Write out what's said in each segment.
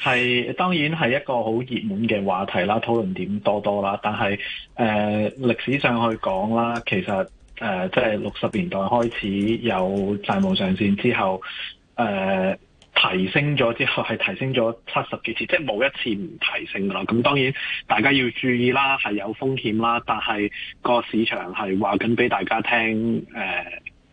係當然係一個好熱門嘅話題啦，討論點多多啦。但係誒歷史上去講啦，其實誒即係六十年代開始有債務上線之後，誒、呃、提升咗之後係提升咗七十幾次，即係冇一次唔提升噶啦。咁當然大家要注意啦，係有風險啦，但係個市場係話緊俾大家聽誒。呃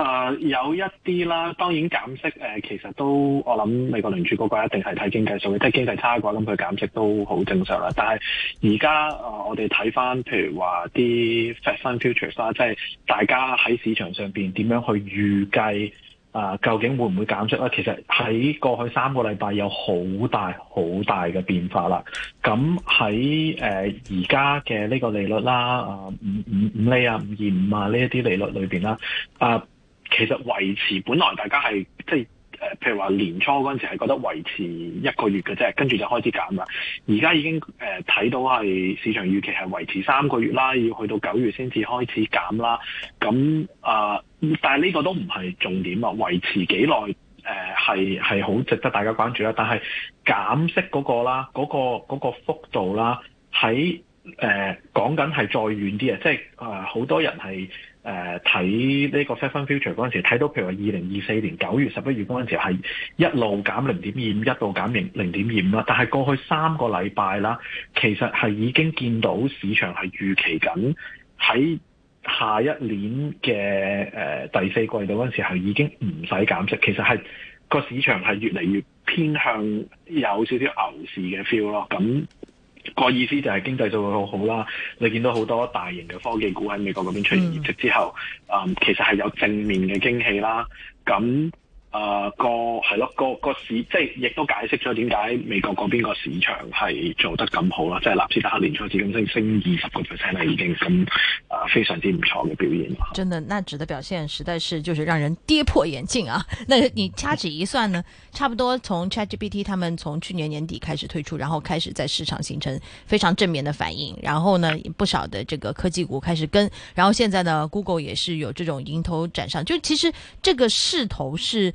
誒、呃、有一啲啦，當然減息、呃、其實都我諗美國聯儲嗰個一定係睇經濟數據，即係經濟差嘅話，咁佢減息都好正常啦。但係而家我哋睇翻譬如話啲 Fed fund futures 啦，即係大家喺市場上面點樣去預計啊，究竟會唔會減息啦？其實喺過去三個禮拜有好大好大嘅變化啦。咁喺而家嘅呢個利率啦，誒五五五釐啊，五二五啊呢一啲利率裏面啦，啊、呃、～其實維持本來大家係即係譬如話年初嗰陣時係覺得維持一個月嘅啫，跟住就開始減啦。而家已經誒睇到係市場預期係維持三個月啦，要去到九月先至開始減啦。咁、呃、但係呢個都唔係重點啊，維持幾耐誒係係好值得大家關注啦。但係減息嗰個啦，嗰個嗰個幅度啦，喺。誒講緊係再遠啲啊！即係啊，好、呃、多人係誒睇呢個 seven future 嗰陣時，睇到譬如話二零二四年九月十一月嗰陣時係一路減零點二五一路減零零點二五啦。但係過去三個禮拜啦，其實係已經見到市場係預期緊喺下一年嘅誒、呃、第四季度嗰陣時係已經唔使減息。其實係個市場係越嚟越偏向有少少牛市嘅 feel 咯。咁個意思就係經濟數據好好啦，你見到好多大型嘅科技股喺美國嗰邊出現業績之後，啊、嗯，其實係有正面嘅驚喜啦，咁。啊，個係咯，個個市即係亦都解釋咗點解美國嗰邊個市場係做得咁好啦，即係納斯達克年初至今升升二十個 percent 啦，已經咁啊非常之唔錯嘅表現。真的，那指嘅表現，實在是就是讓人跌破眼鏡啊！ 那你掐指一算呢，差不多從 ChatGPT，他們從去年年底開始推出，然後開始在市場形成非常正面的反應，然後呢不少的這個科技股開始跟，然後現在呢 Google 也是有這種迎頭展上，就其實這個勢頭是。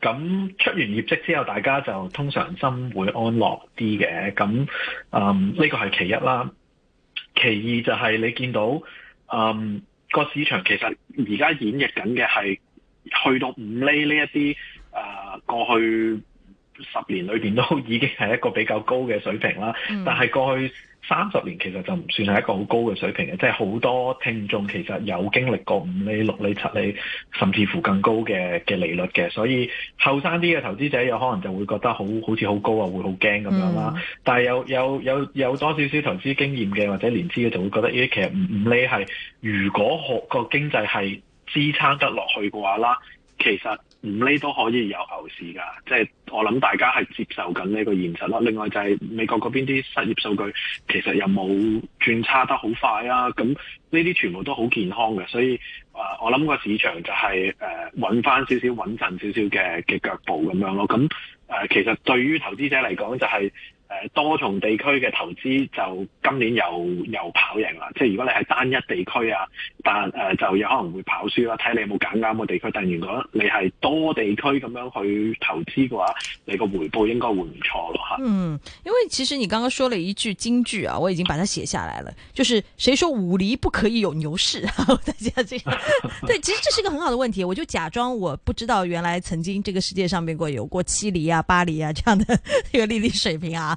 咁出完業績之後，大家就通常心會安樂啲嘅。咁，嗯，呢個係其一啦。其二就係你見到，嗯，個市場其實而家演繹緊嘅係去到五厘呢一啲，誒、呃、過去十年裏面都已經係一個比較高嘅水平啦，嗯、但係過去三十年其實就唔算係一個好高嘅水平嘅，即係好多聽眾其實有經歷過五厘、六厘、七厘，甚至乎更高嘅嘅利率嘅，所以後生啲嘅投資者有可能就會覺得好好似好高啊，會好驚咁樣啦。嗯、但係有有有，有多少少投資經驗嘅或者年資嘅就會覺得呢啲其實五厘係如果個經濟係支撐得落去嘅話啦，其實。唔呢都可以有牛市噶，即係我諗大家係接受緊呢個現實咯。另外就係美國嗰邊啲失業數據，其實又冇轉差得好快啊。咁呢啲全部都好健康嘅，所以，呃，我諗個市場就係誒，穩翻少少穩陣少少嘅嘅腳步咁樣咯。咁誒，其實對於投資者嚟講就係。多重地區嘅投資就今年又又跑贏啦！即係如果你係單一地區啊，但誒、呃、就有可能會跑輸啦。睇你有冇揀啱個地區。但如果你係多地區咁樣去投資嘅話，你個回報應該會唔錯咯嚇。嗯，因為其實你剛剛說了一句金句啊，我已經把它寫下來了。 就是誰說五厘不可以有牛市？大家最對，其實這是一個很好的問題。我就假裝我不知道，原來曾經這個世界上面過有過七厘啊、八厘啊這樣的 這個利率水平啊。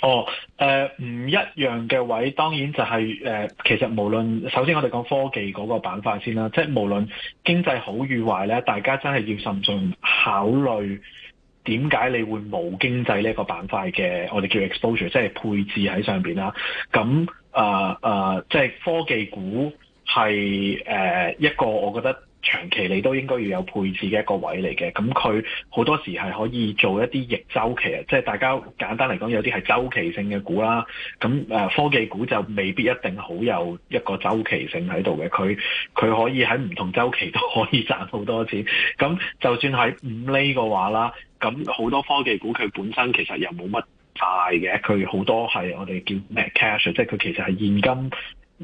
哦，誒，唔一樣嘅位，當然就係誒，其實無論，首先我哋講科技嗰個板塊先啦，即係無論經濟好與壞咧，大家真係要慎重考慮點解你會冇經濟呢個板塊嘅，我哋叫 exposure，即係配置喺上邊啦。咁誒誒，即係科技股係誒一個，我覺得。長期你都應該要有配置嘅一個位嚟嘅，咁佢好多時係可以做一啲逆周期啊！即係大家簡單嚟講，有啲係周期性嘅股啦，咁誒科技股就未必一定好有一個周期性喺度嘅，佢佢可以喺唔同周期都可以賺好多錢。咁就算係五釐嘅話啦，咁好多科技股佢本身其實又冇乜債嘅，佢好多係我哋叫咩 cash，即係佢其實係現金，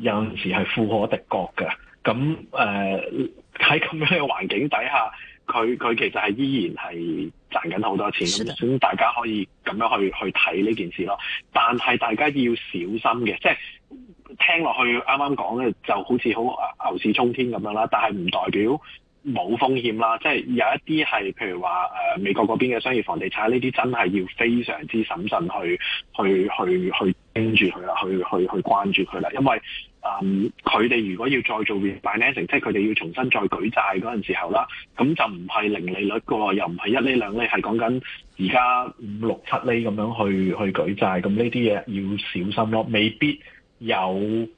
有陣時係富可敵國嘅。咁誒喺咁樣嘅環境底下，佢佢其實係依然係賺緊好多錢咁，的大家可以咁樣去去睇呢件事咯。但係大家要小心嘅，即係聽落去啱啱講咧，就好似好牛市衝天咁樣啦。但係唔代表冇風險啦，即係有一啲係譬如話、呃、美國嗰邊嘅商業房地產呢啲，真係要非常之審慎去去去去，去去盯住佢啦，去去去關注佢啦，因為誒佢哋如果要再做 r b i n 即係佢哋要重新再舉債嗰陣時候啦，咁就唔係零利率個，又唔係一厘兩厘，係講緊而家五六七厘咁樣去去舉債，咁呢啲嘢，要小心咯，未必有誒。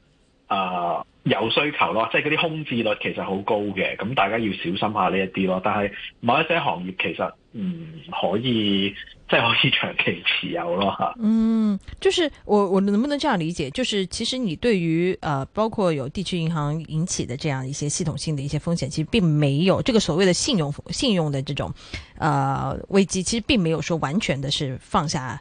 呃有需求咯，即係嗰啲空置率其實好高嘅，咁大家要小心一下呢一啲咯。但係某一些行業其實唔、嗯、可以，即、就、係、是、可以長期持有咯，吓。嗯，就是我我能不能這樣理解？就是其實你對於，呃包括有地區銀行引起的這樣一些系統性的一些風險，其實並沒有，這個所謂的信用信用的這種，呃危機其實並沒有說完全的，是放下。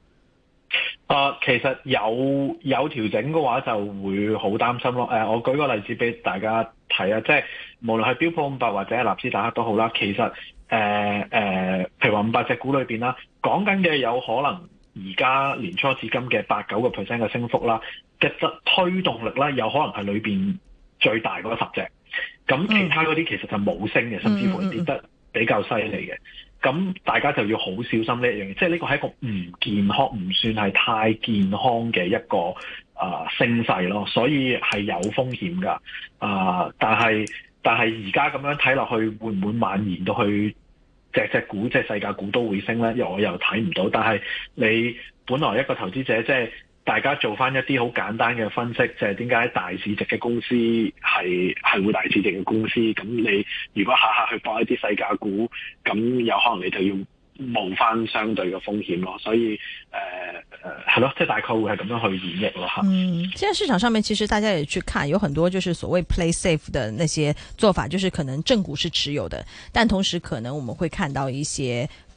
啊、呃，其實有有調整嘅話就會好擔心咯。誒、呃，我舉個例子俾大家睇啊，即係無論係標普五百或者係納斯達克都好啦。其實誒誒、呃呃，譬如話五百隻股裏邊啦，講緊嘅有可能而家年初至今嘅八九個 percent 嘅升幅啦，其實推動力咧有可能係裏邊最大嗰十隻，咁其他嗰啲其實就冇升嘅，嗯、甚至乎跌得。比較犀利嘅，咁大家就要好小心呢一樣嘢，即係呢個係一個唔健康、唔算係太健康嘅一個啊勢、呃、升勢咯，所以係有風險㗎啊、呃！但係但係而家咁樣睇落去，會唔會蔓延到去隻隻股、隻世界股都會升咧？又我又睇唔到，但係你本來一個投資者即係。就是大家做翻一啲好簡單嘅分析，就係點解大市值嘅公司係係會大市值嘅公司？咁你如果下下去博一啲細價股，咁有可能你就要冒翻相對嘅風險咯。所以誒誒，係、呃、咯，即、就是、大概會係咁樣去演繹咯嚇。嗯，現在市場上面其實大家也去看，有很多就是所謂 play safe 的那些做法，就是可能正股是持有的，但同時可能我們會看到一些。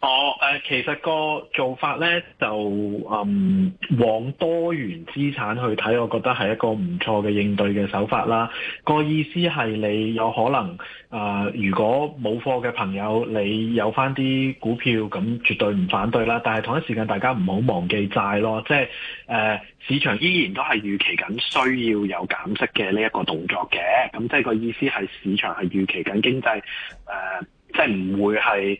哦，誒、呃，其實個做法咧就，嗯，往多元資產去睇，我覺得係一個唔錯嘅應對嘅手法啦。個意思係你有可能，誒、呃，如果冇貨嘅朋友，你有翻啲股票，咁絕對唔反對啦。但係同一時間，大家唔好忘記債咯，即係，誒、呃，市場依然都係預期緊需要有減息嘅呢一個動作嘅。咁即係個意思係市場係預期緊經濟，誒、呃，即係唔會係。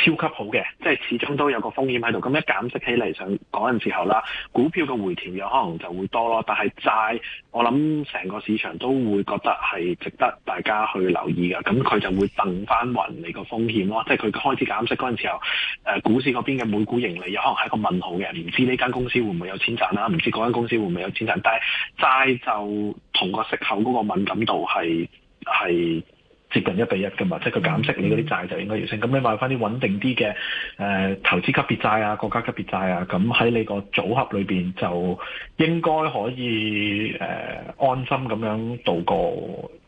超級好嘅，即係始終都有個風險喺度。咁一減息起嚟，想嗰陣時候啦，股票嘅回填有可能就會多咯。但係債，我諗成個市場都會覺得係值得大家去留意嘅。咁佢就會掟翻雲你個風險咯。即係佢開始減息嗰陣時候，呃、股市嗰邊嘅每股盈利有可能係一個問號嘅，唔知呢間公司會唔會有錢賺啦，唔知嗰間公司會唔會有錢賺。但係債就同個息口嗰個敏感度係係，接近一比一嘅嘛，即係佢減息，你嗰啲債就應該要升。咁你買翻啲穩定啲嘅，誒、呃、投資級別債啊、國家級別債啊，咁喺你個組合裏邊就應該可以誒、呃、安心咁樣度過。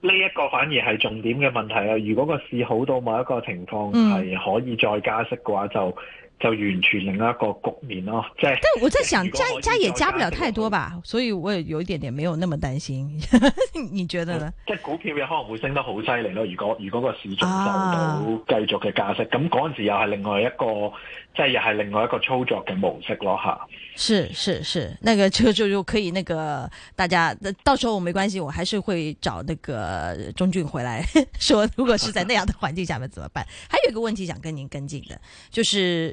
呢一個反而係重點嘅問題啊！如果個市好到某一個情況，係可以再加息嘅話，就。就完全另一個局面咯，即係。但我在想加加也加不，加不了太多吧，所以我也有一點點沒有那麼擔心。 你覺得呢？嗯、即係股票嘢可能會升得好犀利咯。如果如果個市場受到繼續嘅加息，咁嗰陣時又係另外一個，即係又係另外一個操作嘅模式咯，吓。是是是，那個就就就可以，那個大家到時候我沒關係，我還是會找那個鍾駿回來說，如果是在那樣的環境下面怎麼辦？ 還有一個問題想跟您跟進的，就是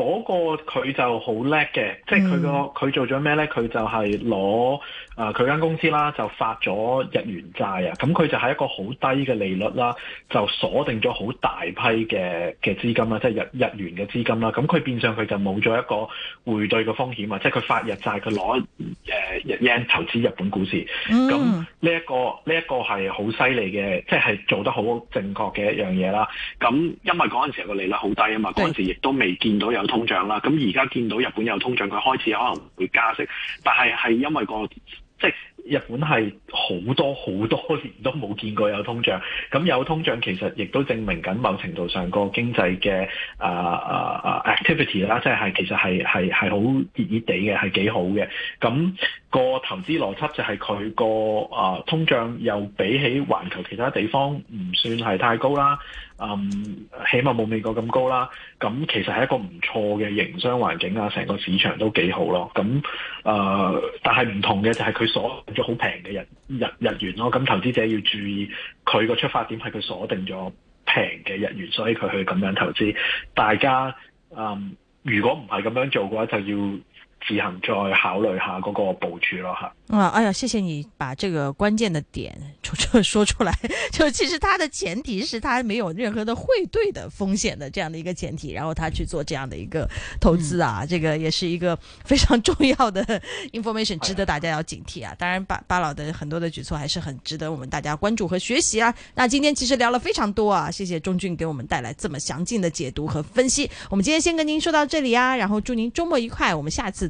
嗰個佢就好叻嘅，即係佢個佢做咗咩咧？佢就係攞啊佢間公司啦，就發咗日元債啊。咁佢就係一個好低嘅利率啦，就鎖定咗好大批嘅嘅資金啦，即係日日元嘅資金啦。咁佢變相佢就冇咗一個匯兌嘅風險啊！即係佢發日債，佢攞日 y 投資日本股市。咁呢一個呢一、這個係好犀利嘅，即、就、係、是、做得好正確嘅一樣嘢啦。咁因為嗰陣時個利率好低啊嘛，嗰陣時亦都未見到有。通脹啦，咁而家見到日本有通脹，佢開始可能會加息，但係係因為個即係。日本係好多好多年都冇見過有通脹，咁有通脹其實亦都證明緊某程度上個經濟嘅啊啊啊 activity 啦，即係其實係係係好熱熱地嘅，係幾好嘅。咁個投資邏輯就係佢個啊通脹又比起環球其他地方唔算係太高啦，嗯，起碼冇美國咁高啦。咁其實係一個唔錯嘅營商環境啊，成個市場都幾好咯。咁啊、呃，但係唔同嘅就係佢所咗好平嘅日日日元咯，咁投資者要注意佢個出發點，係佢鎖定咗平嘅日元，所以佢去咁樣投資。大家啊，嗯，如果唔係咁樣做嘅話，就要。自行再考慮下嗰個部署咯吓。啊，哎呀，謝謝你把這個關鍵的點出出說出來。就其實它的前提是，它沒有任何的匯兌的風險的這樣的一個前提，然後他去做這樣的一個投資啊，嗯、這個也是一個非常重要的 information，值得大家要警惕啊。哎、呀當然，巴巴老的很多的舉措還是很值得我們大家關注和學習啊。那今天其實聊了非常多啊，謝謝鍾駿給我們帶來這麼詳盡的解讀和分析。我們今天先跟您說到這裡啊，然後祝您周末愉快，我們下次。